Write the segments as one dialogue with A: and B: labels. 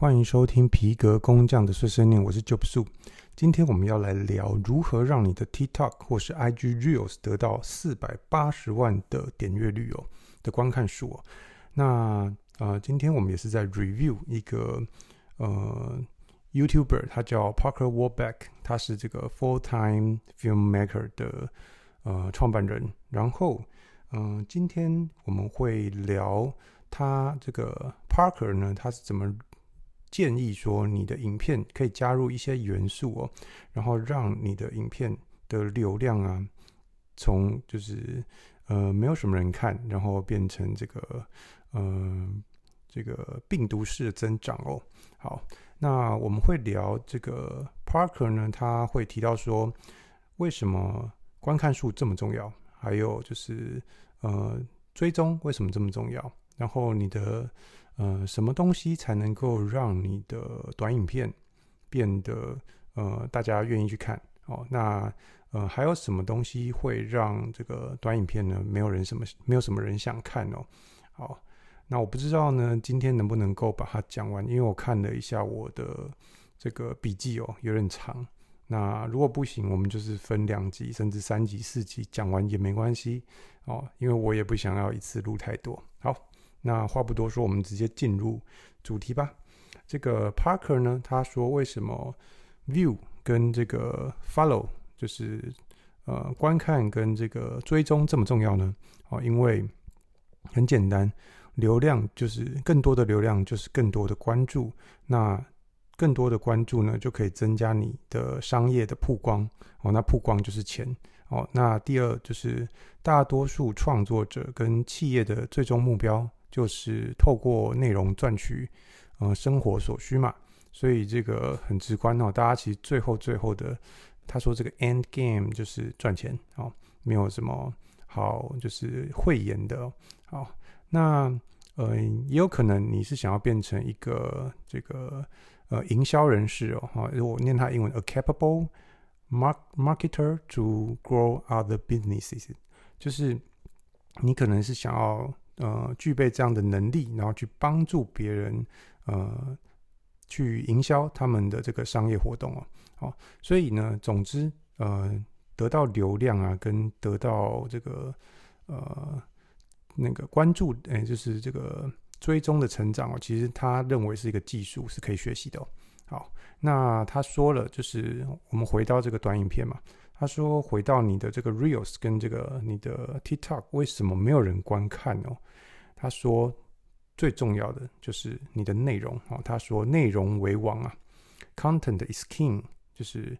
A: 歡迎收聽皮革工匠的碎碎念，我是 Job Su，今天我們要來聊如何讓你的 TikTok 或是 IG Reels 得到四百八十萬的點閱率哦的觀看數哦，那呃今天我們也是在 review 一個呃 YouTuber，他叫 Parker Walbeck，他是這個 Fulltime Filmmaker 的呃創辦人。然後嗯、呃，今天我們會聊他這個 Parker 呢，他是怎麼建議說你的影片可以加入一些元素哦，然後讓你的影片的流量啊，從就是呃沒有什麼人看，然後變成這個嗯、呃，這個病毒式的增長哦。好，那我們會聊這個 Parker 呢，他會提到說為什麼觀看數這麼重要，還有就是呃追蹤為什麼這麼重要，然後你的。呃，什麼東西才能夠讓你的短影片變得呃，大家願意去看？哦，那呃，還有什麼東西會讓這個短影片呢，沒有人什麼沒有什麼人想看哦？好，那我不知道呢，今天能不能夠把它講完？因為我看了一下我的這個筆記哦，有點長。那如果不行，我們就是分兩集，甚至三集、四集講完也沒關係哦，因為我也不想要一次錄太多。好。那話不多說，我們直接進入主題吧。這個 Parker 呢，他說為什麼 view 跟這個 follow 就是呃觀看跟這個追蹤這麼重要呢？哦，因為很簡單，流量就是更多的流量就是更多的關注，那更多的關注呢就可以增加你的商業的曝光。哦，那曝光就是錢。哦，那第二就是大多數創作者跟企業的最終目標。就是透過內容賺取，呃生活所需嘛。所以這個很直觀哦。大家其實最後最後的，他說這個 end game 就是賺錢哦，沒有什麼好就是諱言的。好、哦，那呃，也有可能你是想要變成一個這個呃營銷人士哦。哈、哦，我念他英文 a capable mark marketer to grow other businesses，就是你可能是想要。呃，具備這樣的能力，然後去幫助別人，呃，去營銷他們的這個商業活動哦，好，所以呢，總之，呃，得到流量啊，跟得到這個呃那個關注，哎，就是這個追蹤的成長哦，其實他認為是一個技術是可以學習的哦。好，那他說了，就是我們回到這個短影片嘛。他說：“回到你的這個 reels 跟這個你的 TikTok 為什麼沒有人觀看哦？”他說：“最重要的就是你的內容哦。”他說：“內容為王啊，Content is King。”就是，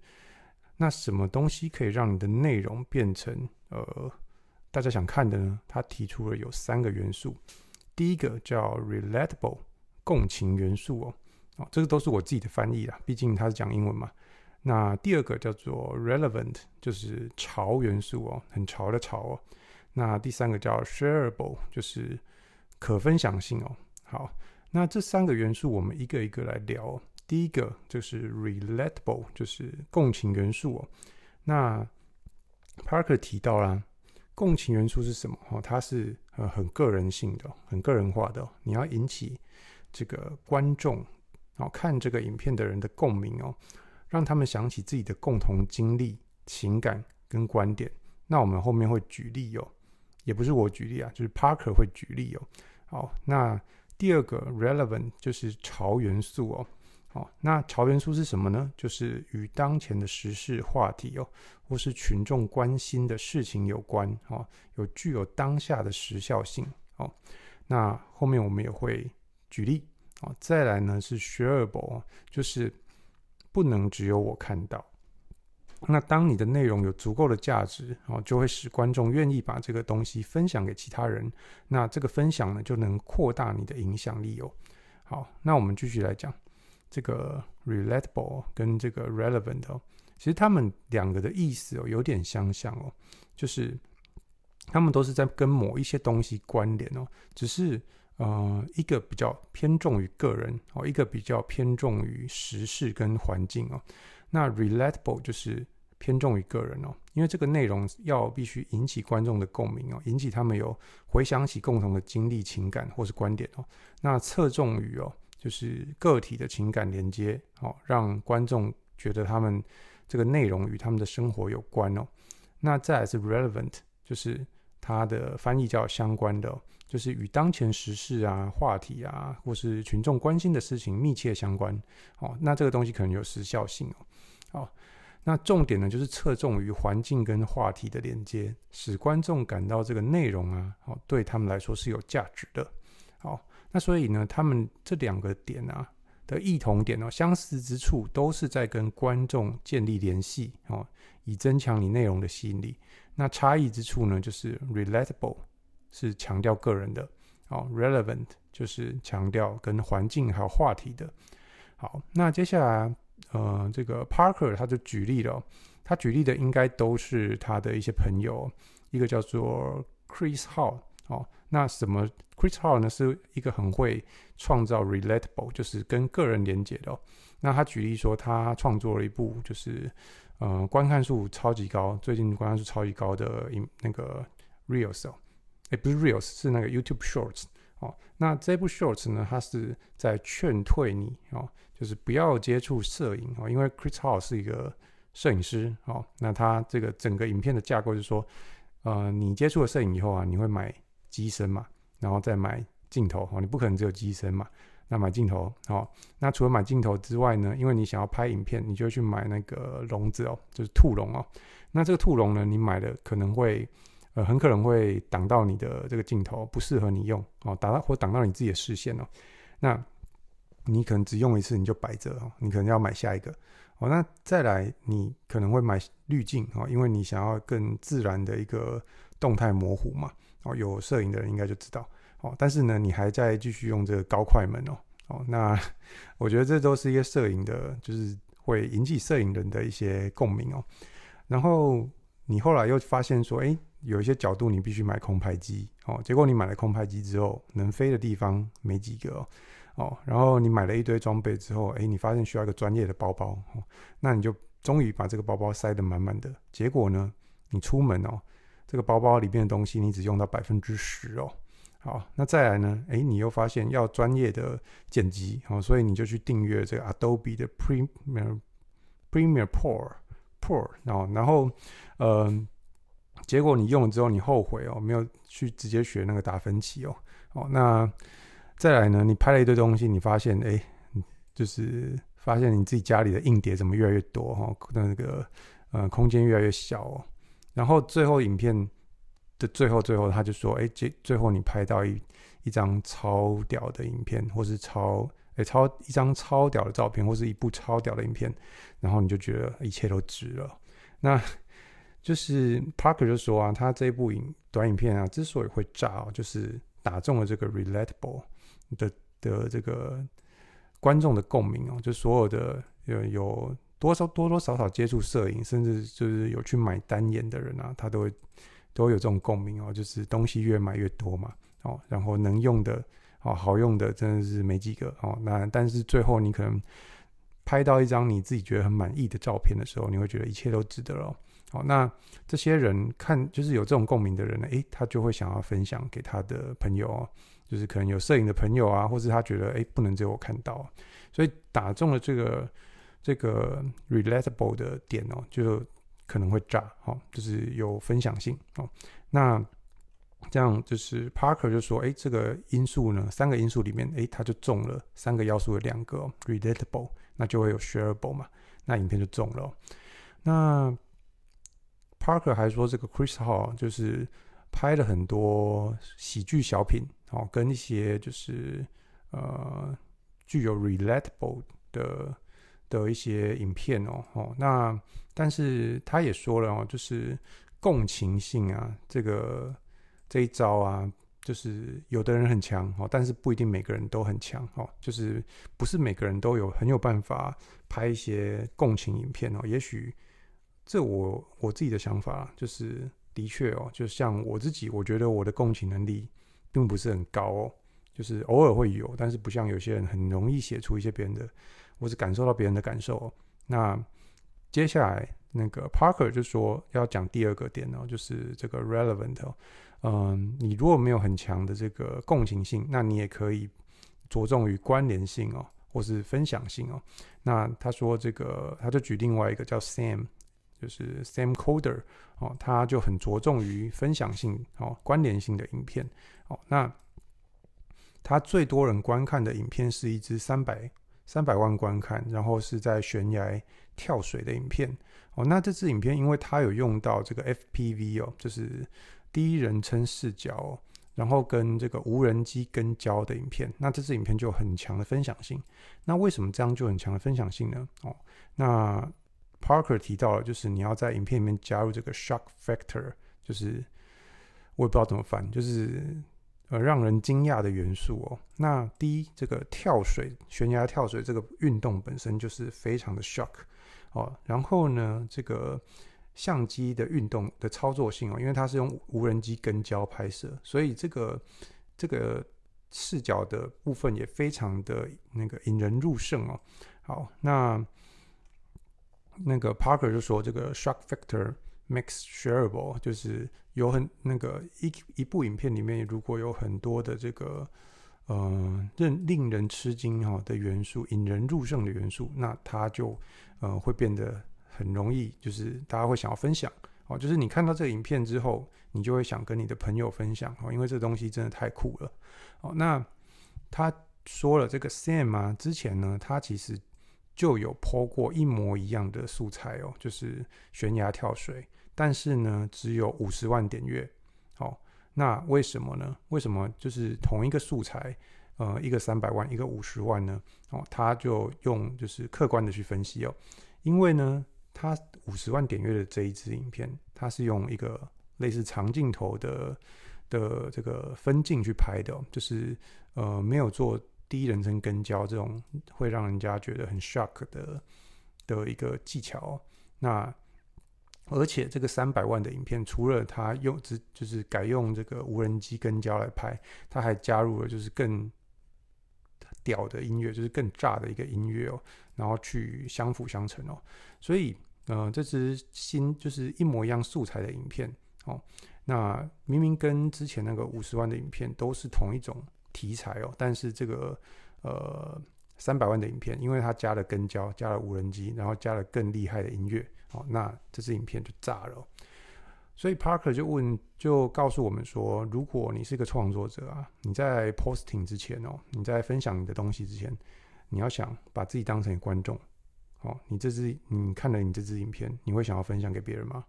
A: 那什麼東西可以讓你的內容變成呃大家想看的呢？他提出了有三個元素，第一個叫 Relatable，共情元素哦。哦，這個都是我自己的翻譯啦，畢竟他是講英文嘛。那第二個叫做 relevant，就是潮元素哦，很潮的潮哦。那第三個叫 shareable，就是可分享性哦。好，那這三個元素我們一個一個來聊哦。第一個就是 relatable，就是共情元素哦。那 Parker 提到啦，共情元素是什麼？哈，哦，它是呃很個人性的，很個人化的哦。你要引起這個觀眾哦，看這個影片的人的共鳴哦。讓他們想起自己的共同經歷、情感跟觀點。那我們後面會舉例哦，也不是我舉例啊，就是 Parker 會舉例哦。好，那第二個 relevant 就是潮元素哦。好，那潮元素是什麼呢？就是與當前的時事話題哦，或是群眾關心的事情有關哦，有具有當下的時效性哦。那後面我們也會舉例哦。好，再來呢是 shareable，就是。不能只有我看到。那當你的內容有足夠的價值，就會使觀眾願意把這個東西分享給其他人。那這個分享呢，就能擴大你的影響力哦。好，那我們繼續來講這個 relatable 跟這個 relevant 哦，其實他們兩個的意思有點相像哦，就是他們都是在跟某一些東西關聯哦，只是。呃，一個比較偏重於個人哦，一個比較偏重於時事跟環境哦。那 relatable 就是偏重於個人哦，因為這個內容要必須引起觀眾的共鳴哦，引起他們有回想起共同的經歷、情感或是觀點哦。那側重於哦，就是個體的情感連接哦，讓觀眾覺得他們這個內容與他們的生活有關哦。那再來是 relevant，就是它的翻譯叫相關的哦。就是與當前時事啊、話題啊，或是群眾關心的事情密切相關哦。那這個東西可能有時效性哦。好，那重點呢，就是側重於環境跟話題的連接，使觀眾感到這個內容啊，好對他們來說是有價值的。好，那所以呢，他們這兩個點啊的異同點哦，相似之處都是在跟觀眾建立聯繫哦，以增強你內容的吸引力。那差異之處呢，就是 relatable。是強調個人的，哦 relevant 就是強調跟環境還有話題的，好，那接下來，呃，這個 Parker 他就舉例了，他舉例的應該都是他的一些朋友，一個叫做 Chris Hall 哦，那什麼 Chris Hall 呢，是一個很會創造 relatable，就是跟個人連接的、哦，那他舉例說，他創作了一部就是，呃，觀看數超級高，最近觀看數超級高的那個 reels、哦。哎、欸，不是 reels，是那個 YouTube Shorts 哦。那這部 Shorts 呢，它是在勸退你哦，就是不要接觸攝影哦，因為 Chris Hall 是一個攝影師哦。那他這個整個影片的架構就是說，呃，你接觸了攝影以後啊，你會買機身嘛，然後再買鏡頭哦。你不可能只有機身嘛，那買鏡頭哦。那除了買鏡頭之外呢，因為你想要拍影片，你就去買那個籠子哦，就是兔籠哦。那這個兔籠呢，你買的可能會。呃，很可能會擋到你的這個鏡頭，不適合你用哦，打到或擋到你自己的視線哦。那，你可能只用一次你就擺著哦，你可能要買下一個哦。那再來，你可能會買濾鏡哦，因為你想要更自然的一個動態模糊嘛哦。有攝影的人應該就知道哦。但是呢，你還在繼續用這個高快門哦哦。那我覺得這都是一些攝影的，就是會引起攝影人的一些共鳴哦。然後你後來又發現說，哎、欸。有一些角度你必須買空拍機哦，結果你買了空拍機之後，能飛的地方沒幾個哦，然後你買了一堆裝備之後，哎、欸，你發現需要一個專業的包包哦，那你就終於把這個包包塞得滿滿的，結果呢，你出門哦，這個包包裡面的東西你只用到百分之十哦，好，那再來呢，哎、欸，你又發現要專業的剪輯哦，所以你就去訂閱這個 Adobe 的 Premier, Premier Premier Pro Pro 哦，然後，嗯、呃。結果你用了之後，你後悔哦，沒有去直接學那個達芬奇哦，哦，那再來呢？你拍了一堆東西，你發現哎，就是發現你自己家裡的硬碟怎麼越來越多哈、哦，那個呃空間越來越小哦。然後最後影片的最後最後，他就說哎，最最後你拍到一一張超屌的影片，或是超哎超一張超屌的照片，或是一部超屌的影片，然後你就覺得一切都值了。那。就是 Parker 就說啊，他這部影短影片啊，之所以會炸哦，就是打中了這個 relatable 的的這個觀眾的共鳴哦。就所有的有有多少多多少少接觸攝影，甚至就是有去買單眼的人啊，他都會都有這種共鳴哦。就是東西越買越多嘛，哦，然後能用的哦，好用的真的是沒幾個哦。那但是最後你可能拍到一張你自己覺得很滿意的照片的時候，你會覺得一切都值得了哦。好，那這些人看就是有這種共鳴的人呢，哎，他就會想要分享給他的朋友哦，就是可能有攝影的朋友啊，或是他覺得哎，不能只有我看到哦，所以打中了這個這個 relatable 的點哦，就可能會炸，哦，就是有分享性哦，那這樣就是 Parker 就說，哎，這個因素呢，三個因素裡面，哎，他就中了三個要素的兩個 relatable，那就會有 shareable 嘛，那影片就中了哦，那。Parker 還說，這個 Chris Hall 就是拍了很多喜劇小品，哦，跟一些就是呃具有 relatable 的的一些影片哦，哦，那但是他也說了哦、喔，就是共情性啊，這個這一招啊，就是有的人很強哦，但是不一定每個人都很強哦，就是不是每個人都有很有辦法拍一些共情影片哦、喔，也許。這我我自己的想法就是的確哦，就像我自己，我覺得我的共情能力並不是很高哦，就是偶爾會有，但是不像有些人很容易寫出一些別人的，或是感受到別人的感受哦。那接下來那個 Parker 就說要講第二個點哦，就是這個 relevant 哦，嗯，你如果沒有很強的這個共情性，那你也可以着重於關聯性哦，或是分享性哦。那他說這個，他就舉另外一個叫 Sam。就是 Sam Coder 哦，他就很着重於分享性哦、關聯性的影片哦。那他最多人觀看的影片是一支三百三百萬觀看，然後是在懸崖跳水的影片哦。那這支影片因為它有用到這個 FPV 哦，就是第一人稱視角，然後跟這個無人機跟焦的影片，那這支影片就很強的分享性。那為什麼這樣就很強的分享性呢？哦，那。Parker 提到了，就是你要在影片裡面加入這個 shock factor，就是我也不知道怎麼翻，就是呃讓人驚訝的元素哦。那第一，這個跳水、懸崖跳水這個運動本身就是非常的 shock 哦。然後呢，這個相機的運動的操作性哦，因為它是用無人機跟焦拍攝，所以這個這個視角的部分也非常的那個引人入勝哦。好，那。那個 Parker 就說：“這個 shock factor makes shareable，就是有很那個一一部影片裡面，如果有很多的這個嗯令、呃、令人吃驚哈的元素，引人入勝的元素，那它就呃會變得很容易，就是大家會想要分享哦。就是你看到這個影片之後，你就會想跟你的朋友分享哦，因為這東西真的太酷了哦。那他說了這個 Sam 啊，之前呢，他其實。”就有 po 過一模一樣的素材哦，就是懸崖跳水，但是呢，只有五十萬點閱，哦，那為什麼呢？為什麼就是同一個素材，呃，一個三百萬，一個五十萬呢？哦，他就用就是客觀的去分析哦，因為呢，他五十萬點閱的這一支影片，它是用一個類似長鏡頭的的這個分鏡去拍的，哦，就是呃，沒有做。第一人稱跟焦這種會讓人家覺得很 shock 的的一個技巧哦，那而且這個三百萬的影片，除了他用只就是改用這個無人機跟焦來拍，他還加入了就是更屌的音樂，就是更炸的一個音樂哦，然後去相輔相成哦。所以，呃，這支新就是一模一樣素材的影片哦，那明明跟之前那個五十萬的影片都是同一種。題材哦，但是這個，呃，三百萬的影片，因為它加了跟焦，加了無人機，然後加了更厲害的音樂，哦，那這支影片就炸了。所以 Parker 就問，就告訴我們說，如果你是個創作者啊，你在 posting 之前哦，你在分享你的東西之前，你要想把自己當成觀眾，哦，你這支，你看了你這支影片，你會想要分享給別人嗎？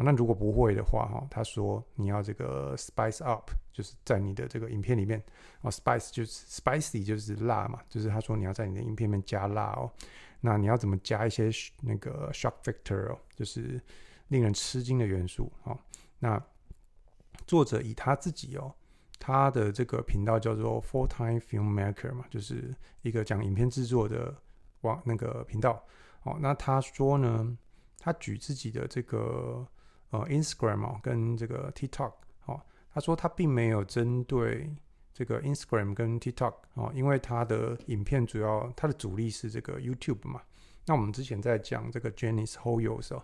A: 哦、那如果不會的話，哈、哦，他說你要這個 spice up，就是在你的這個影片裡面哦，spice 就是 spicy 就是辣嘛，就是他說你要在你的影片裡面加辣哦。那你要怎麼加一些那個 shock factor 哦,就是令人吃驚的元素哦。那作者以他自己哦，他的這個頻道叫做 Full Time Filmmaker 嘛，就是一個講影片制作的網那個頻道哦。那他說呢，他舉自己的這個。哦 Instagram 哦，跟這個 TikTok 哦，他說他並沒有針對這個 Instagram 跟 TikTok 哦，因為他的影片主要他的主力是這個 YouTube 嘛。那我們之前在講這個、哦、Jenny Hoyos 的時候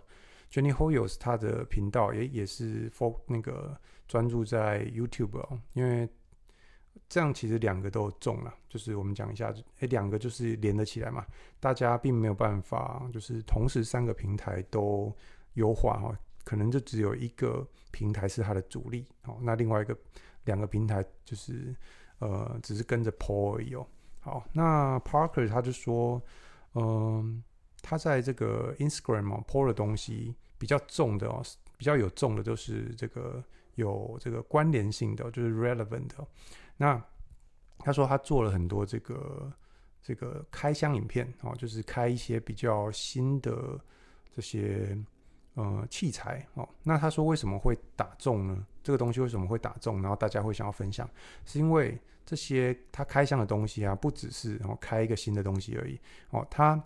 A: ，Jenny Hoyos 是他的頻道也也是 for 那個專注在 YouTube 哦，因為這樣其實兩個都中了，就是我們講一下，哎，欸、兩個就是連得起來嘛，大家並沒有辦法就是同時三個平台都優化哦。可能就只有一個平台是他的主力哦，那另外一個兩個平台就是呃，只是跟着 po 而已哦。好，那 Parker 他就說，嗯、呃，他在這個 Instagram 哦，po 的東西比較重的哦，比較有重的就是這個有這個關聯性的、哦，就是 relevant、哦。那他說他做了很多這個這個開箱影片哦，就是開一些比較新的這些。呃，器材哦，那他說為什麼會打中呢？這個東西為什麼會打中？然後大家會想要分享，是因為這些他開箱的東西啊，不只是然後、哦、開一個新的東西而已哦，他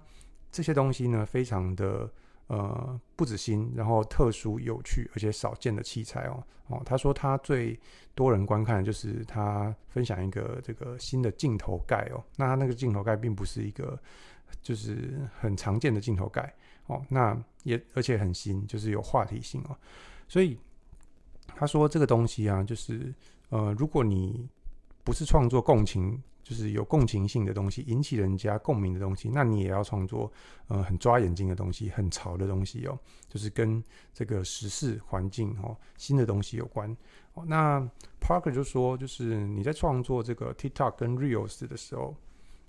A: 這些東西呢，非常的呃不止新，然後特殊有趣，而且少見的器材哦哦，他說他最多人觀看的就是他分享一個這個新的鏡頭蓋哦，那他那個鏡頭蓋並不是一個就是很常見的鏡頭蓋。哦，那也而且很新，就是有話題性哦。所以他說這個東西啊，就是呃，如果你不是創作共情，就是有共情性的東西，引起人家共鳴的東西，那你也要創作呃很抓眼睛的東西，很潮的東西哦，就是跟這個時事環境哦新的東西有關。哦，那 Parker 就說，就是你在創作這個 TikTok 跟 Reels 的時候，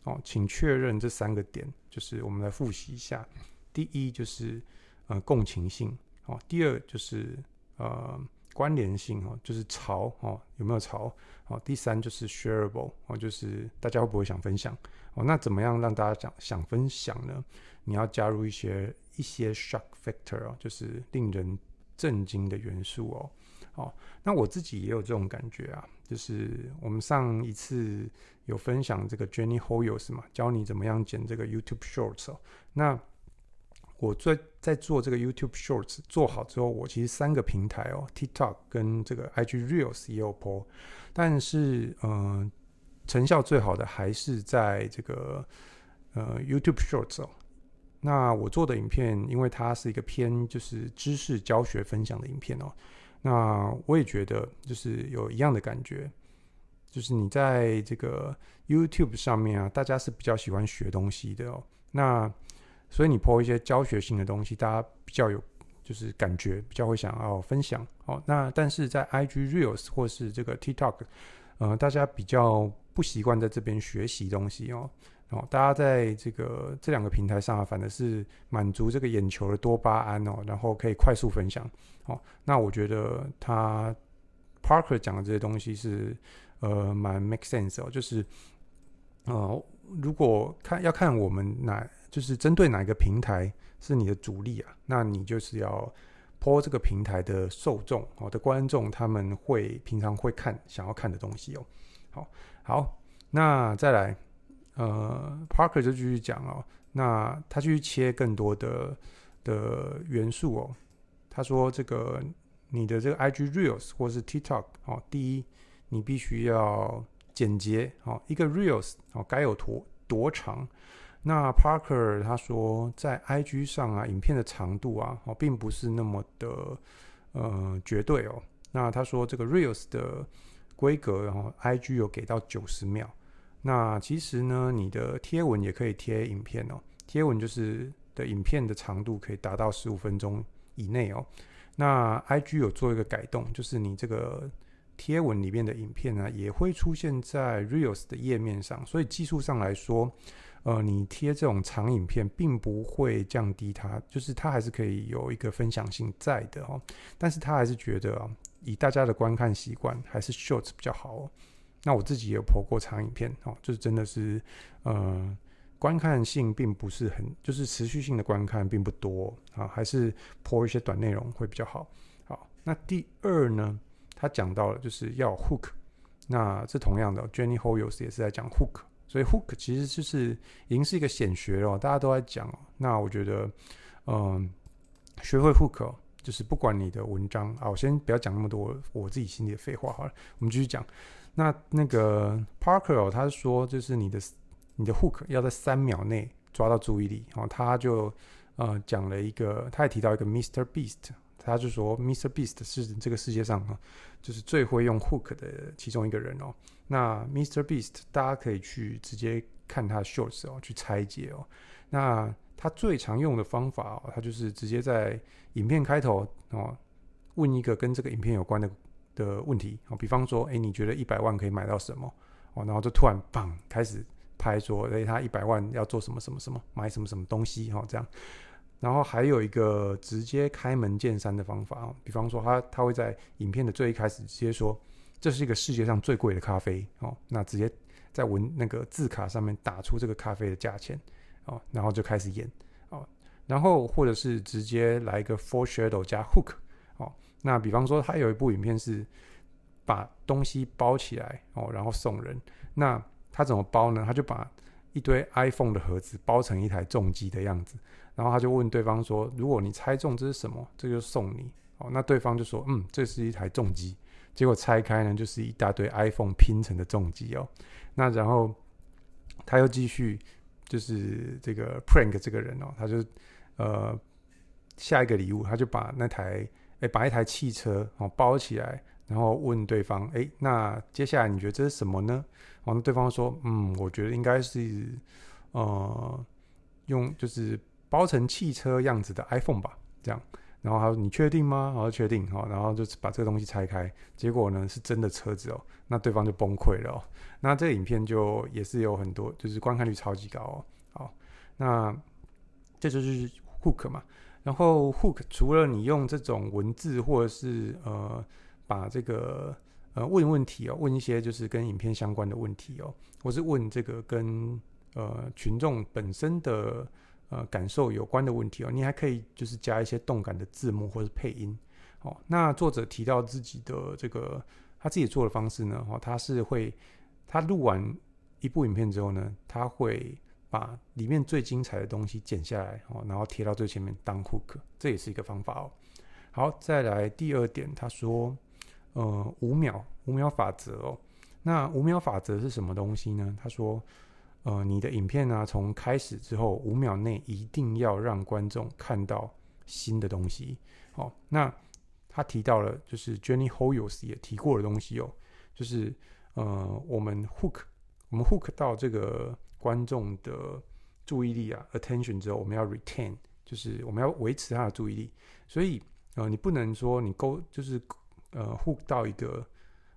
A: 哦，請確認這三個點，就是我們來複習一下。第一就是呃共情性哦，第二就是呃關聯性哦，就是潮哦有沒有潮哦？第三就是 shareable 哦，就是大家會不會想分享哦？那怎麼樣讓大家想想分享呢？你要加入一些一些 shock factor 哦，就是令人震驚的元素哦哦。那我自己也有這種感覺啊，就是我們上一次有分享這個 Jenny Hoyos 嘛，教你怎麼樣剪這個 YouTube Shorts 哦。那。我在在做這個 YouTube Shorts 做好之後，我其實三個平台，哦，TikTok 跟這個 IG Reels 也有播，但是嗯、呃，成效最好的還是在這個呃 YouTube Shorts 哦。那我做的影片，因為它是一個偏就是知識教學分享的影片哦，那我也覺得就是有一樣的感覺，就是你在這個 YouTube 上面啊，大家是比較喜歡學東西的哦，那。所以你 Po 一些教學性的東西，大家比較有就是感覺，比較會想要分享哦。那但是在 IG Reels 或是這個 TikTok，呃，大家比較不習慣在這邊學習東西哦。哦，大家在這個這兩個平台上啊，反而是滿足這個眼球的多巴胺哦，然後可以快速分享哦。那我覺得他 Parker 講的這些東西是呃蠻 make sense 哦，就是呃如果看要看我們哪。就是針對哪一個平台是你的主力啊？那你就是要 Po 這個平台的受眾哦的觀眾，他們會平常會看想要看的東西哦。好，好，那再來，呃，Parker 就繼續講哦。那他去切更多的的元素哦。他說這個你的這個 IG Reels 或是 TikTok 哦，第一你必須要簡潔哦，一個 Reels 哦該有多多長？那 Parker 他說，在 IG 上啊，影片的長度啊、哦、並不是那麼的呃絕對哦。那他說這個 Reels 的規格，哦、然後 IG 有給到九十秒。那其實呢，你的貼文也可以貼影片哦。貼文就是的影片的長度可以達到十五分鐘以內哦。那 IG 有做一個改動，就是你這個貼文裡面的影片呢、啊，也會出現在 Reels 的頁面上。所以技術上來說，呃，你貼這種長影片並不會降低它，就是它還是可以有一個分享性在的哦、喔。但是他還是覺得、喔、以大家的觀看習慣，還是 shorts 比較好哦、喔。那我自己也有剖過長影片哦、喔，就是真的是呃，觀看性並不是很，就是持續性的觀看並不多啊、喔喔，還是剖一些短內容會比較好。好，那第二呢，他講到了就是要 hook，那這同樣的、喔、Jenny Hoyos 也是在講 hook。所以 hook 其實就是已經是一個顯學了、哦，大家都在講哦。那我覺得，嗯、呃，學會 hook、哦、就是不管你的文章啊，我先不要講那麼多我，我自己心裡的廢話好了，我們繼續講。那那個 Parker、哦、他是說，就是你的你的 hook 要在三秒內抓到注意力哦。他就呃講了一個，他也提到一個 Mr. Beast。他就說，Mr. Beast 是這個世界上、啊、就是最會用 hook 的其中一個人哦。那 Mr. Beast，大家可以去直接看他的 shorts 哦，去拆解哦。那他最常用的方法哦，他就是直接在影片開頭哦，問一個跟這個影片有關的的問題哦，比方說，哎，你覺得一百萬可以買到什麼？哦，然後就突然砰開始拍說，哎，他一百萬要做什麼什麼什麼，買什麼什麼東西哈、哦，這樣。然後還有一個直接開門見山的方法哦，比方說他他會在影片的最一開始直接說，這是一個世界上最貴的咖啡哦，那直接在文那個字卡上面打出這個咖啡的價錢哦，然後就開始演哦，然後或者是直接來一個 foreshadow 加 hook 哦，那比方說他有一部影片是把東西包起來哦，然後送人，那他怎麼包呢？他就把。一堆 iPhone 的盒子包成一台重機的樣子，然後他就問對方說：“如果你猜中這是什麼，這就送你。”哦，那對方就說：“嗯，這是一台重機。”結果拆開呢，就是一大堆 iPhone 拼成的重機哦。那然後他又繼續就是這個 prank 這個人哦，他就呃下一個禮物，他就把那台哎把一台汽車哦包起來。然後問對方：“哎，那接下來你覺得這是什麼呢？”然後對方說：“嗯，我覺得應該是呃，用就是包成汽車樣子的 iPhone 吧。”這樣，然後他說：“你確定嗎？”然後確定哦，然後就把這個東西拆開，結果呢是真的車子哦。那對方就崩潰了哦。那這個影片就也是有很多，就是觀看率超級高哦。好，那這就是 hook 嘛。然後 hook 除了你用這種文字或者是呃。把這個呃問問題哦，問一些就是跟影片相關的問題哦，或是問這個跟呃群眾本身的呃感受有關的問題哦。你還可以就是加一些動感的字幕或是配音哦。那作者提到自己的這個他自己做的方式呢，哦，他是會他錄完一部影片之後呢，他會把裡面最精彩的東西剪下來哦，然後貼到最前面當 hook，這也是一個方法哦。好，再來第二點，他說。呃，五秒五秒法則哦。那五秒法則是什麼東西呢？他說，呃，你的影片呢、啊，從開始之後五秒內一定要讓觀眾看到新的東西。哦，那他提到了，就是 Jenny Hoyos 也提過的東西哦，就是呃，我們 hook，我們 hook 到這個觀眾的注意力啊，attention 之後，我們要 retain，就是我們要維持他的注意力。所以，呃，你不能說你勾，就是。呃，hook 到一個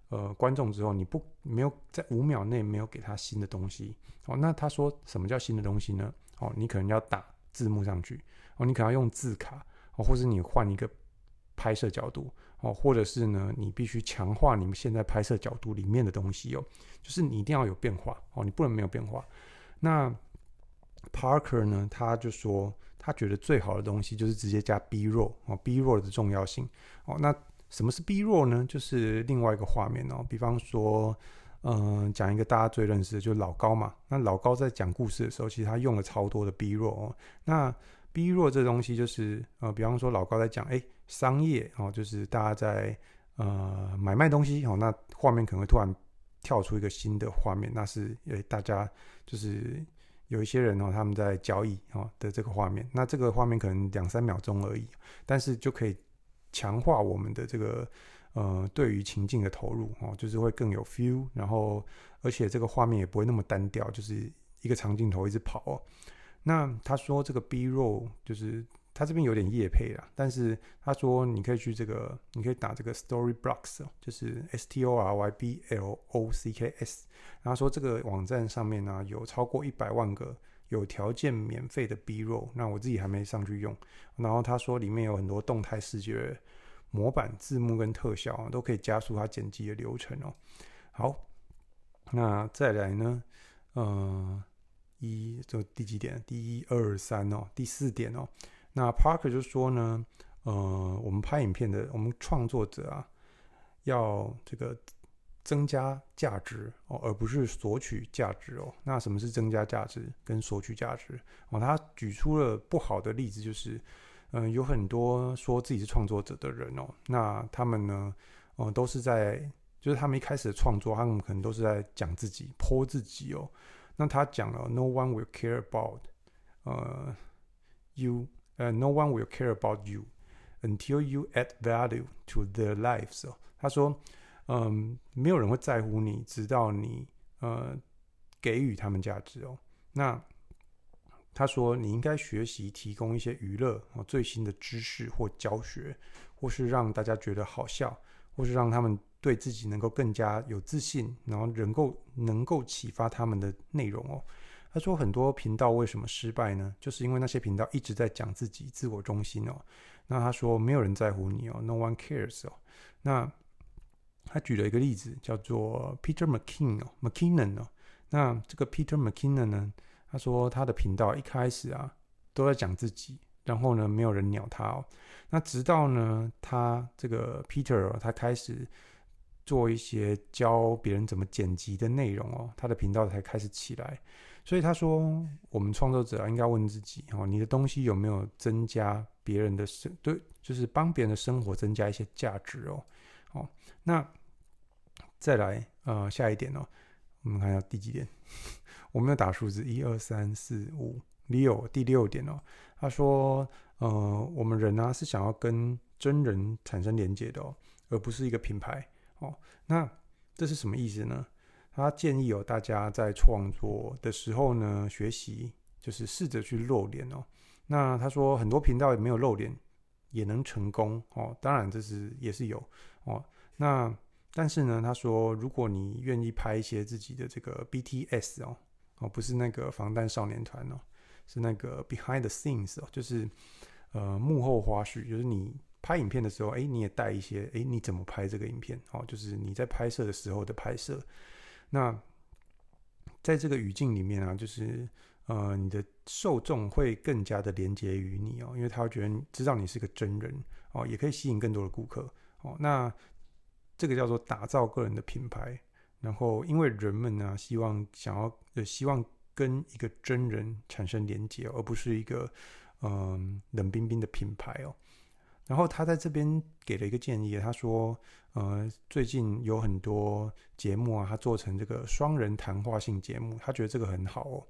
A: 呃觀眾之後，你不沒有在五秒內沒有給他新的東西哦，那他說什麼叫新的東西呢？哦，你可能要打字幕上去哦，你可能要用字卡哦，或是你換一個拍攝角度哦，或者是呢，你必須強化你們現在拍攝角度裡面的東西哦，就是你一定要有變化哦，你不能沒有變化。那 Parker 呢，他就說他覺得最好的東西就是直接加 B roll 哦，B roll 的重要性哦，那。什麼是 B-roll 呢？就是另外一個畫面哦。比方說，嗯、呃，講一個大家最認識的，的就是、老高嘛。那老高在講故事的時候，其實他用了超多的 B-roll 哦。那 B-roll 這東西，就是呃，比方說老高在講，哎，商業哦，就是大家在呃買賣東西哦。那畫面可能會突然跳出一個新的畫面，那是哎大家就是有一些人哦，他們在交易哦的這個畫面。那這個畫面可能兩三秒鐘而已，但是就可以。強化我們的這個，呃，對於情境的投入哦，就是會更有 feel，然後而且這個畫面也不會那麼單調，就是一個長鏡頭一直跑哦。那他說這個 B roll 就是他這邊有點業配啦，但是他說你可以去這個，你可以打這個 story blocks，就是 S T O R Y B L O C K S，然後說這個網站上面呢，啊，有超過一百萬個。有條件免費的 B-roll，那我自己還沒上去用。然後他說裡面有很多動態視覺模板，字幕跟特效啊，都可以加速他剪輯的流程哦。好，那再來呢？呃，一，這第幾點？第一、二、三哦，第四點哦。那 Parker 就說呢，呃，我們拍影片的，我們創作者啊，要這個。增加價值、哦、而不是索取價值哦。那什麼是增加價值跟索取價值哦？他舉出了不好的例子，就是，嗯、呃，有很多說自己是創作者的人哦，那他們呢、呃，都是在，就是他們一開始的創作，他們可能都是在講自己、po 自己哦。那他講了，No one will care about，呃、uh,，you，呃、uh,，No one will care about you until you add value to their lives。哦、他說。嗯，沒有人會在乎你，直到你呃給予他們價值哦。那他說你應該學習提供一些娛樂，最新的知識或教學，或是讓大家覺得好笑，或是讓他們對自己能夠更加有自信，然後能夠能夠啟發他們的內容哦。他說很多頻道為什麼失敗呢？就是因為那些頻道一直在講自己，自我中心哦。那他說沒有人在乎你哦，No one cares 哦。那他舉了一個例子，叫做 Peter McKinnon 哦，McKinnon 哦，那這個 Peter McKinnon 呢，他說他的頻道一開始啊都在講自己，然後呢沒有人鳥他哦，那直到呢他這個 Peter、哦、他開始做一些教別人怎麼剪輯的內容哦，他的頻道才開始起來。所以他說，我們創作者、啊、應該問自己哦，你的東西有沒有增加別人的生，對，就是幫別人的生活增加一些價值哦。哦，那再來呃下一點哦，我們看一下第幾點， 我沒有打數字，一二三四五六第六點哦，他說呃我們人呢、啊、是想要跟真人產生連接的哦，而不是一個品牌哦，那這是什麼意思呢？他建議有大家在創作的時候呢，學習就是試着去露臉哦，那他說很多頻道也沒有露臉也能成功哦，當然這是也是有。哦，那但是呢，他說，如果你願意拍一些自己的這個 BTS 哦哦，不是那個防彈少年團哦，是那個 Behind the Scenes 哦，就是呃幕後花絮，就是你拍影片的時候，哎，你也帶一些，哎，你怎麼拍這個影片哦，就是你在拍攝的時候的拍攝。那在這個語境裡面啊，就是呃，你的受眾會更加的連接於你哦，因為他會覺得知道你是個真人哦，也可以吸引更多的顧客。哦，那這個叫做打造個人的品牌，然後因為人們呢希望想要，呃、希望跟一個真人產生連接，而不是一個嗯、呃、冷冰冰的品牌哦。然後他在這邊給了一個建議，他說呃最近有很多節目啊，他做成這個雙人談話性節目，他覺得這個很好哦，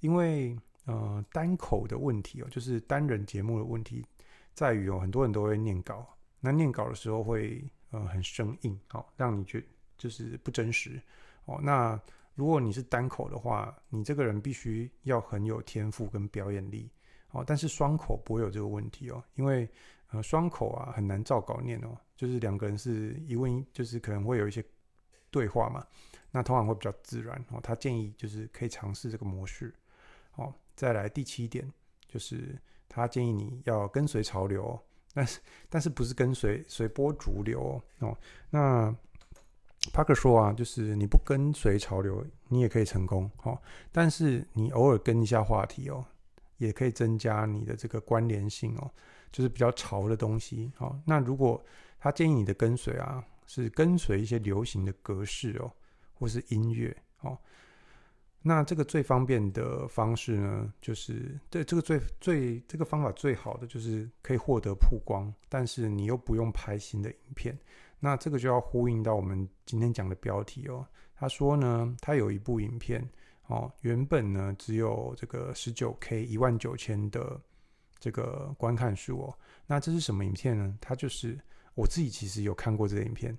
A: 因為呃單口的問題哦，就是單人節目的問題在於哦很多人都會念稿。那念稿的時候會呃很生硬，好、哦、讓你覺得就是不真實哦。那如果你是單口的話，你這個人必須要很有天賦跟表演力哦。但是雙口不會有這個問題哦，因為呃雙口啊很難照稿念哦，就是兩個人是一問一，就是可能會有一些對話嘛，那通常會比較自然哦。他建議就是可以嘗試這個模式哦。再來第七點就是他建議你要跟隨潮流。但是，但是不是跟隨隨波逐流哦？哦，那 Parker 說啊，就是你不跟隨潮流，你也可以成功哦，但是你偶爾跟一下話題哦，也可以增加你的這個關聯性哦。就是比較潮的東西哦。那如果他建議你的跟隨啊，是跟隨一些流行的格式哦，或是音樂哦。那這個最方便的方式呢，就是對這個最最這個方法最好的，就是可以獲得曝光，但是你又不用拍新的影片。那這個就要呼應到我們今天講的標題哦。他說呢，他有一部影片哦，原本呢只有這個十九 K 一萬九千的這個觀看數哦。那這是什麼影片呢？他就是我自己其實有看過這個影片。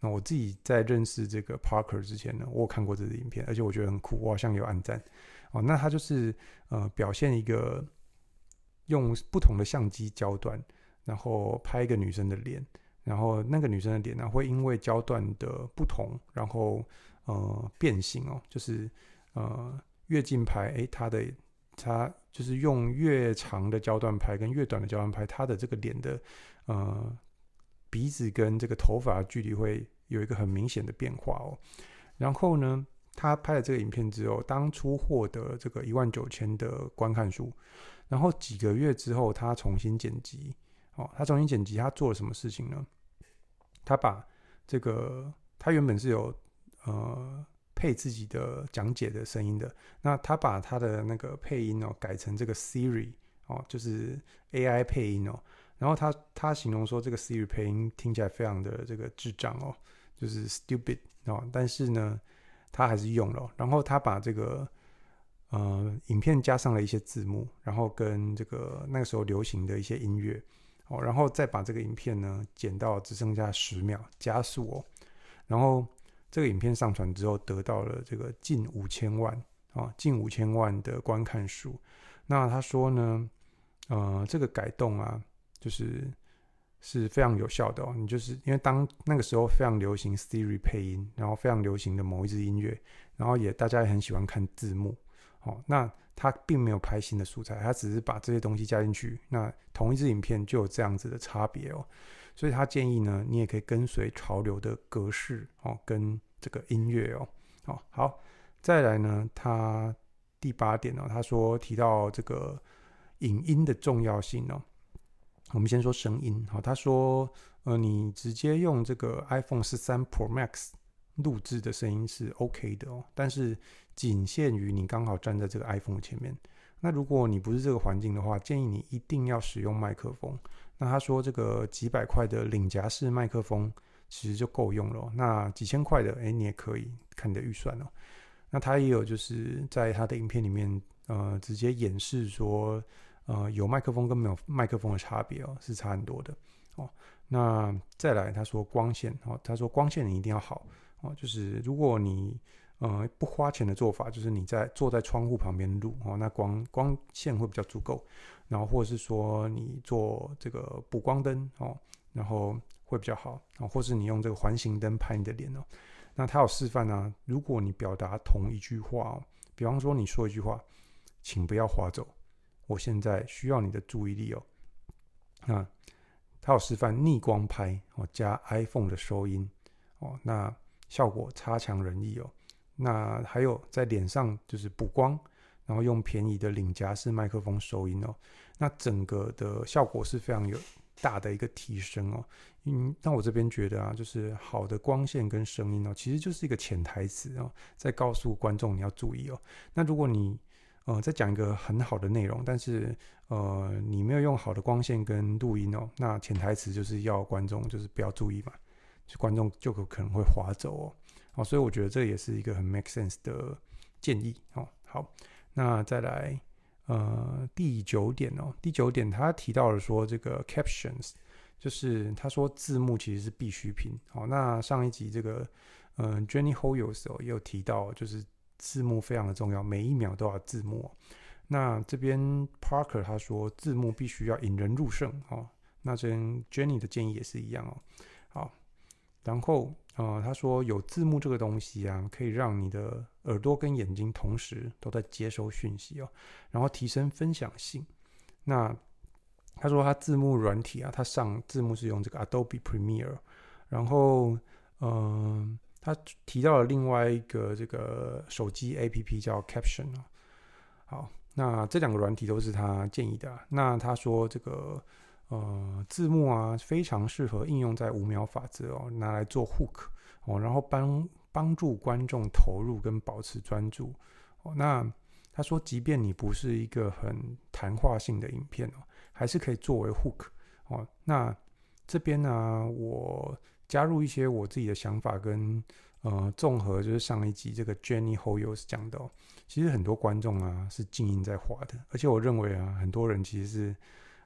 A: 那我自己在認識這個 Parker 之前呢，我有看過這支影片，而且我覺得很酷，我好像有按讚哦。那他就是呃，表現一個用不同的相機焦段，然後拍一個女生的臉，然後那個女生的臉呢、啊，會因為焦段的不同，然後呃變形哦，就是呃越近拍，誒、欸，她的她就是用越長的焦段拍跟越短的焦段拍，她的這個臉的呃。鼻子跟這個頭髮的距離會有一個很明顯的變化哦。然後呢，他拍了這個影片之後，當初獲得這個一萬九千的觀看數。然後幾個月之後，他重新剪輯哦，他重新剪輯，他做了什麼事情呢？他把這個他原本是有呃配自己的講解的聲音的，那他把他的那個配音哦改成這個 Siri 哦，就是 AI 配音哦。然後他他形容說，這個 Siri 配音聽起來非常的這個智障哦，就是 stupid 哦。但是呢，他還是用了。然後他把這個呃影片加上了一些字幕，然後跟這個那個時候流行的一些音樂哦，然後再把這個影片呢剪到只剩下十秒，加速哦。然後這個影片上傳之後，得到了這個近五千萬哦，近五千萬的觀看數。那他說呢，呃，這個改動啊。就是是非常有效的哦，你就是因為當那個時候非常流行 Siri 配音，然後非常流行的某一支音樂，然後也大家也很喜歡看字幕哦。那他並沒有拍新的素材，他只是把這些東西加進去。那同一支影片就有這樣子的差別哦。所以他建議呢，你也可以跟隨潮流的格式哦，跟這個音樂哦。好，哦，好，再來呢，他第八點呢，哦，他說提到這個影音的重要性哦。我們先說聲音，他說，呃，你直接用這個 iPhone 十三 Pro Max 錄製的聲音是 OK 的哦，但是僅限於你剛好站在這個 iPhone 前面。那如果你不是這個環境的話，建議你一定要使用麥克風。那他說，這個幾百塊的領夾式麥克風其實就夠用了哦，那幾千塊的，欸，你也可以看你的預算了哦。那他也有就是在他的影片裡面，呃，直接演示說。呃，有麥克風跟沒有麥克風的差別哦，是差很多的哦。那再來，他說光線哦，他說光線你一定要好哦，就是如果你呃不花錢的做法，就是你在坐在窗戶旁邊錄哦，那光光線會比較足夠。然後或者是說你做這個補光燈哦，然後會比較好哦，或是你用這個環形燈拍你的臉哦。那他有示範呢、啊，如果你表達同一句話哦，比方說你說一句話，請不要滑走。我現在需要你的注意力哦，那他有示範逆光拍哦，加 iPhone 的收音哦，那效果差強人意哦，那還有在臉上就是補光，然後用便宜的領夾式麥克風收音哦，那整個的效果是非常有大的一個提升哦，嗯，那我這邊覺得啊，就是好的光線跟聲音哦，其實就是一個潛台詞哦，在告訴觀眾你要注意哦，那如果你。嗯、呃，再講一個很好的內容，但是呃，你沒有用好的光線跟錄音哦。那潛台詞就是要觀眾就是不要注意嘛，觀眾就可可能會劃走哦。好、哦，所以我覺得這也是一個很 make sense 的建議哦。好，那再來呃第九點哦，第九點他提到了說這個 captions，就是他說字幕其實是必需品。好、哦，那上一集這個嗯、呃、Jenny Ho yo 的時候也有提到，就是。字幕非常的重要，每一秒都要字幕哦。那這邊 Parker 他說字幕必須要引人入勝哦。那這邊 Jenny 的建議也是一樣哦。好，然後呃，他說有字幕這個東西啊，可以讓你的耳朵跟眼睛同時都在接收訊息哦，然後提升分享性。那他說他字幕軟體啊，他上字幕是用這個 Adobe Premiere，然後嗯。呃他提到了另外一個這個手機 APP 叫 Caption 好，那這兩個軟體都是他建議的啊。那他說，這個呃字幕啊，非常適合應用在五秒法則哦，拿來做 hook 哦，然後幫幫助觀眾投入跟保持專注哦。那他說，即便你不是一個很談話性的影片，哦，還是可以作為 hook 哦。那這邊呢啊，我。加入一些我自己的想法跟呃，綜合就是上一集這個 Jenny Hoyos 是講的、喔，其實很多觀眾啊是靜音在滑的，而且我認為啊，很多人其實是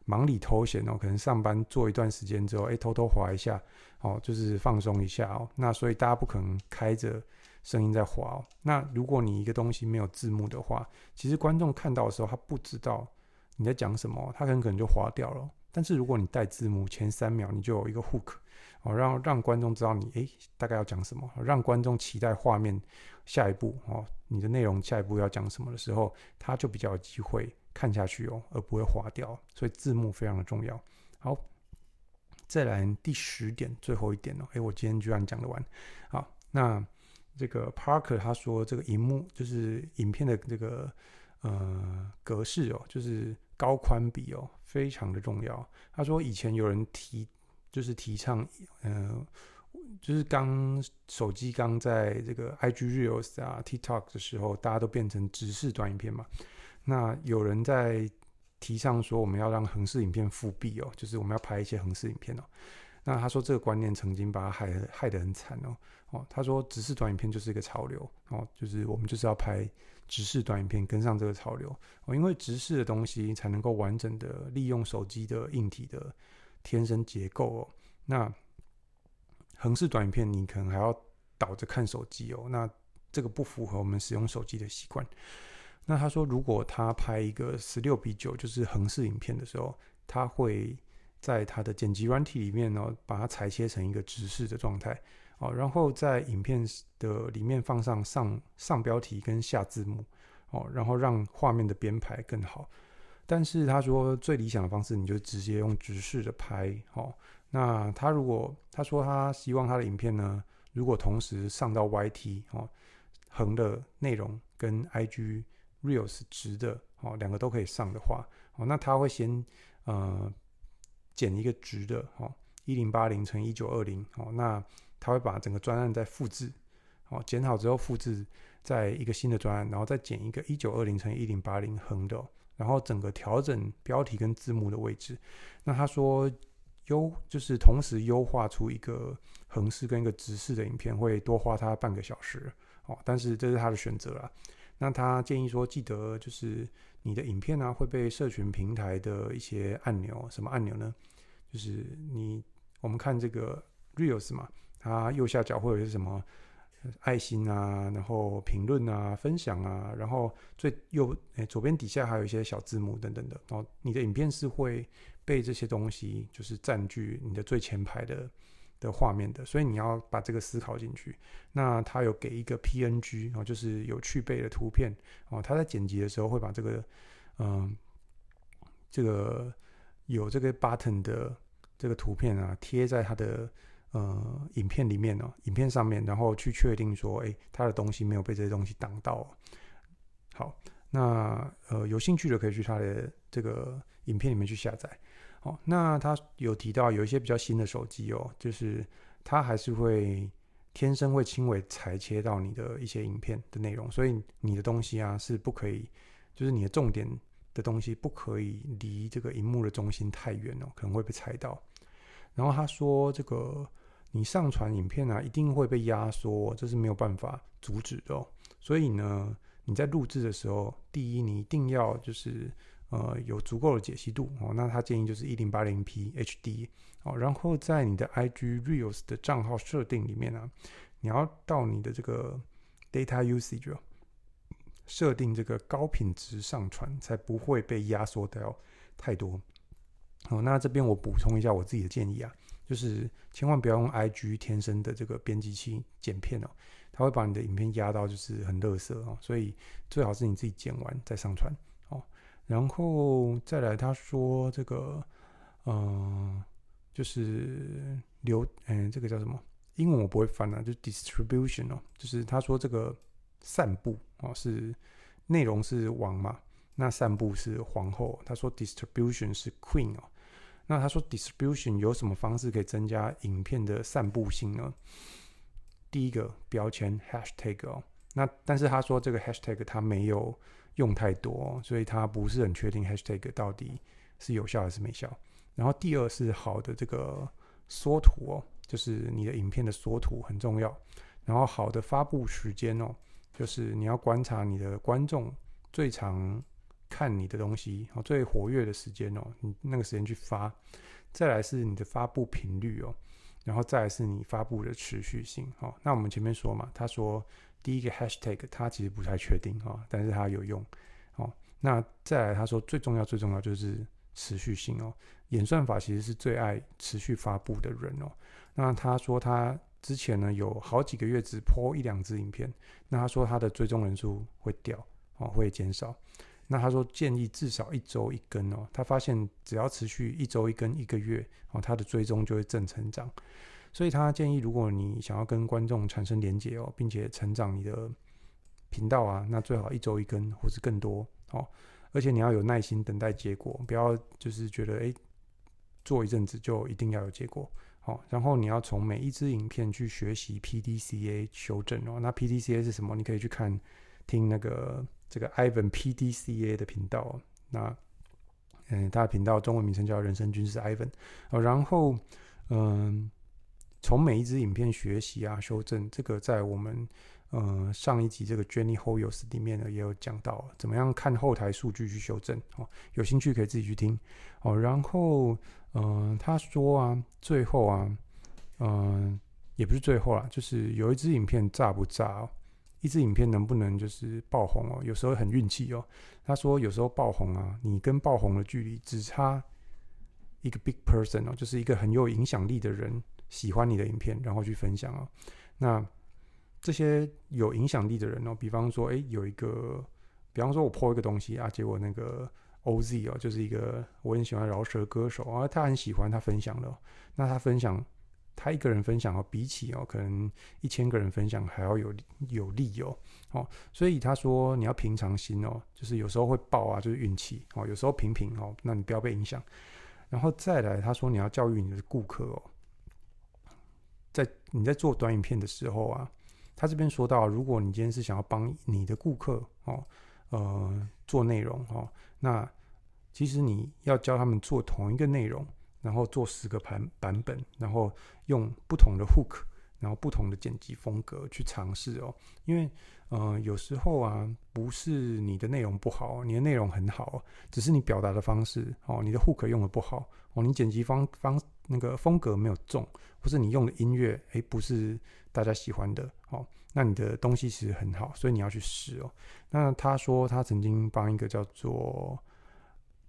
A: 忙裡偷閒哦、喔，可能上班做一段時間之後，哎、欸，偷偷滑一下，哦、喔，就是放鬆一下哦、喔。那所以大家不可能開着聲音在滑哦、喔。那如果你一個東西沒有字幕的話，其實觀眾看到的時候，他不知道你在講什麼，他很可能就滑掉了、喔。但是如果你帶字幕前三秒，你就有一個 hook。哦，讓讓觀眾知道你誒、欸，大概要講什麼，讓觀眾期待畫面下一步哦，你的內容下一步要講什麼的時候，他就比較有機會看下去哦，而不會滑掉。所以字幕非常的重要。好，再來第十點，最後一點了、哦。誒、欸，我今天居然講得完。好，那這個 Parker 他說，這個熒幕就是影片的這個呃格式哦，就是高寬比哦，非常的重要。他說以前有人提。就是提倡，呃，就是剛手機剛在這個 IG reels 啊 TikTok 的時候，大家都變成直式短影片嘛。那有人在提倡說，我們要讓橫式影片復辟哦，就是我們要拍一些橫式影片哦。那他說這個觀念曾經把他害害得很慘哦哦，他說直式短影片就是一個潮流哦，就是我們就是要拍直式短影片跟上這個潮流哦，因為直式的東西才能夠完整的利用手機的硬體的。天生結構哦，那橫式短影片你可能還要倒着看手機哦，那這個不符合我們使用手機的習慣。那他說，如果他拍一個十六比九就是橫式影片的時候，他會在他的剪輯軟體裡面呢，哦，把它裁切成一個直式的狀態哦，然後在影片的裡面放上上上標題跟下字幕哦，然後讓畫面的編排更好。但是他說最理想的方式，你就直接用直視的拍，哦，那他如果他說他希望他的影片呢，如果同時上到 YT 哦，橫的內容跟 IG reels 直的哦，兩個都可以上的話，哦，那他會先呃剪一個直的哦，一零八零乘一九二零哦，那他會把整個專案再複製，哦，剪好之後複製在一個新的專案，然後再剪一個一九二零乘一零八零橫的。然後整個調整標題跟字幕的位置，那他說優就是同時優化出一個橫式跟一個直式的影片會多花他半個小時哦，但是這是他的選擇啦。那他建議說，記得就是你的影片呢、啊、會被社群平台的一些按鈕，什麼按鈕呢？就是你我們看這個 reels 嘛，它右下角會有些什麼？愛心啊，然後評論啊，分享啊，然後最右誒、欸，左邊底下還有一些小字母等等的。哦，你的影片是會被這些東西就是佔據你的最前排的的畫面的，所以你要把這個思考進去。那他有給一個 PNG 啊，就是有去背的圖片哦，他在剪輯的時候會把這個嗯這個有這個 button 的這個圖片啊貼在他的。呃，影片裡面呢、哦，影片上面，然後去確定說，哎，他的東西沒有被這些東西擋到。好，那呃，有興趣的可以去他的這個影片裡面去下載。好，那他有提到有一些比較新的手機哦，就是他還是會天生會輕微裁切到你的一些影片的內容，所以你的東西啊是不可以，就是你的重點的東西不可以離這個熒幕的中心太遠了、哦，可能會被裁到。然後他說這個。你上傳影片啊，一定會被壓縮，這是沒有辦法阻止的。哦，所以呢，你在錄製的時候，第一，你一定要就是呃有足夠的解析度哦。那他建議就是 1080P HD 哦。然後在你的 IG Reels 的賬號設定裡面啊，你要到你的這個 Data Usage 哦，設定這個高品質上傳，才不會被壓縮掉太多。哦，那這邊我補充一下我自己的建議啊。就是千萬不要用 IG 天生的這個編輯器剪片哦，它會把你的影片壓到就是很垃圾哦，所以最好是你自己剪完再上傳哦。然後再來他說這個，嗯、呃，就是留，嗯、哎，這個叫什麼？英文我不會翻了、啊，就 distribution 哦，就是他說這個散布哦，是內容是王嘛，那散布是皇後，他說 distribution 是 queen 哦。那他說，distribution 有什麼方式可以增加影片的散布性呢？第一個標籤 hashtag 哦，那但是他說這個 hashtag 他沒有用太多，所以他不是很確定 hashtag 到底是有效還是沒效。然後第二是好的這個縮圖哦，就是你的影片的縮圖很重要。然後好的發布時間哦，就是你要觀察你的觀眾最常。看你的東西哦，最活躍的時間哦，你那個時間去發，再來是你的發佈頻率哦，然後再來是你發佈的持續性哦。那我們前面說嘛，他說第一個 hashtag 他其實不太確定哦，但是他有用哦。那再來他說最重要最重要就是持續性哦。演算法其實是最愛持續發佈的人哦。那他說他之前呢有好幾個月只 po 一兩支影片，那他說他的追蹤人數會掉哦，會減少。那他說建議至少一周一更哦，他發現只要持續一周一更一個月哦，他的追蹤就會正成長，所以他建議如果你想要跟觀眾產生連結哦，並且成長你的頻道啊，那最好一周一更或是更多哦，而且你要有耐心等待結果，不要就是覺得誒、欸、做一陣子就一定要有結果哦，然後你要從每一支影片去學習 PDCA 修正哦，那 PDCA 是什麼？你可以去看聽那個。這個 Ivan PDCA 的頻道，那嗯、呃，他的頻道中文名稱叫“人生軍事 Ivan”，、哦、然後嗯、呃，從每一支影片學習啊，修正這個，在我們嗯、呃、上一集這個 Jenny Hoyos 裡面呢，也有講到怎麼樣看後台數據去修正哦，有興趣可以自己去聽哦，然後嗯、呃，他說啊，最後啊，嗯、呃，也不是最後啦，就是有一支影片炸不炸、哦？一支影片能不能就是爆紅哦？有時候很運氣哦。他說有時候爆紅啊，你跟爆紅的距離只差一個 big person 哦，就是一個很有影響力的人喜歡你的影片，然後去分享哦。那這些有影響力的人哦，比方說，誒、欸，有一個，比方說我 PO 一個東西啊，結果那個 OZ 哦，就是一個我很喜歡饒舌歌手啊，他很喜歡，他分享了，哦，那他分享。他一個人分享哦，比起哦，可能一千個人分享還要有有利哦，哦，所以他說你要平常心哦，就是有時候會爆啊，就是運氣哦，有時候平平哦，那你不要被影響。然後再來，他說你要教育你的顧客哦，在你在做短影片的時候啊，他這邊說到，如果你今天是想要幫你的顧客哦，呃，做內容哦，那其實你要教他們做同一個內容。然後做十個版版本，然後用不同的 hook，然後不同的剪輯風格去嘗試哦。因為，嗯、呃，有時候啊，不是你的內容不好，你的內容很好，只是你表達的方式哦，你的 hook 用的不好哦，你剪輯方方那個風格沒有中，或是你用的音樂哎，不是大家喜歡的哦，那你的東西其實很好，所以你要去試哦。那他說他曾經幫一個叫做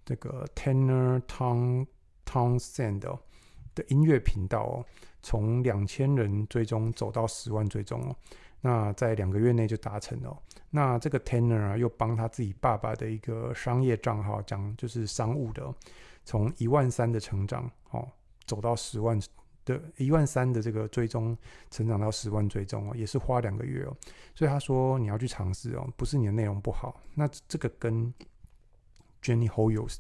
A: 這個 Tanner Tong Townsend 的音樂頻道哦，從兩千人追蹤走到十萬追蹤哦，那在兩個月內就達成了。那這個 Tanner 啊，又幫他自己爸爸的一個商業賬號講，講就是商務的，從一萬三的成長哦，走到十萬的一萬三的這個追蹤成長到十萬追蹤哦，也是花兩個月哦。所以他說你要去嘗試哦，不是你的內容不好。那這個跟 Jenny Hoyos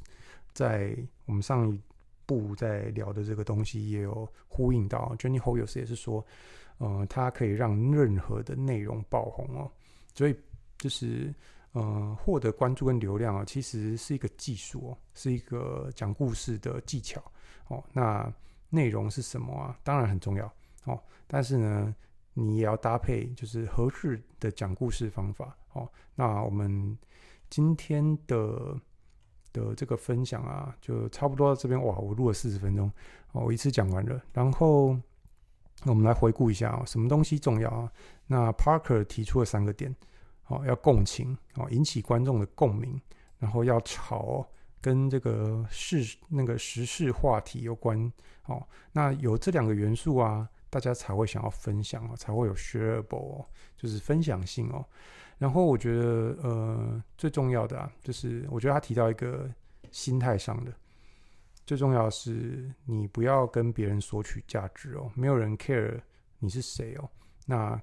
A: 在我們上一。在聊的這個東西也有呼應到，Jenny Hoyos 也是說，呃，它可以讓任何的內容爆紅哦，所以就是呃，獲得關注跟流量啊，哦，其實是一個技術哦，是一個講故事的技巧哦。那內容是什麼啊？當然很重要哦，但是呢，你也要搭配就是合適的講故事方法哦。那我們今天的。的這個分享啊，就差不多到這邊，哇，我錄了四十分鐘，哦，我一次講完了。然後我們來回顧一下哦，什麼東西重要啊？那 Parker 提出了三個點，哦，要共情哦，引起觀眾的共鳴，然後要炒跟這個時那個時事話題有關哦，那有這兩個元素啊。大家才會想要分享哦，才會有 shareable 哦，就是分享性哦。然後我覺得呃最重要的啊，就是我覺得他提到一個心態上的最重要的是，你不要跟別人索取價值哦，沒有人 care 你是誰哦。那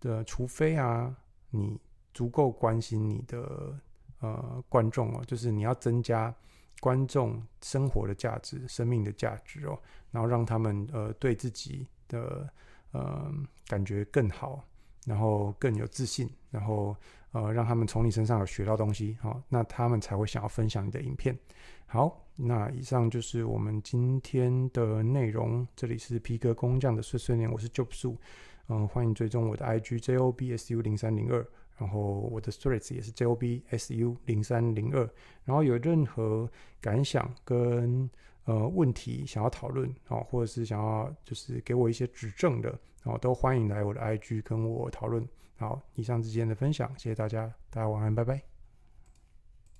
A: 的除非啊，你足夠關心你的呃觀眾哦，就是你要增加觀眾生活的價值、生命的價值哦，然後讓他們呃對自己。的呃感覺更好，然後更有自信，然後呃讓他們從你身上有學到東西，好、哦，那他們才會想要分享你的影片。好，那以上就是我們今天的內容。這裡是皮革工匠的碎碎念，我是 Job Su，嗯，歡迎追蹤我的 IG J O B S U 零三零二，然後我的 threads 也是 J O B S U 零三零二，然後有任何感想跟呃，問題想要討論啊、哦，或者是想要就是給我一些指正的，然後、哦、都歡迎來我的 IG 跟我討論。好，以上之間的分享，謝謝大家，大家晚安，拜拜。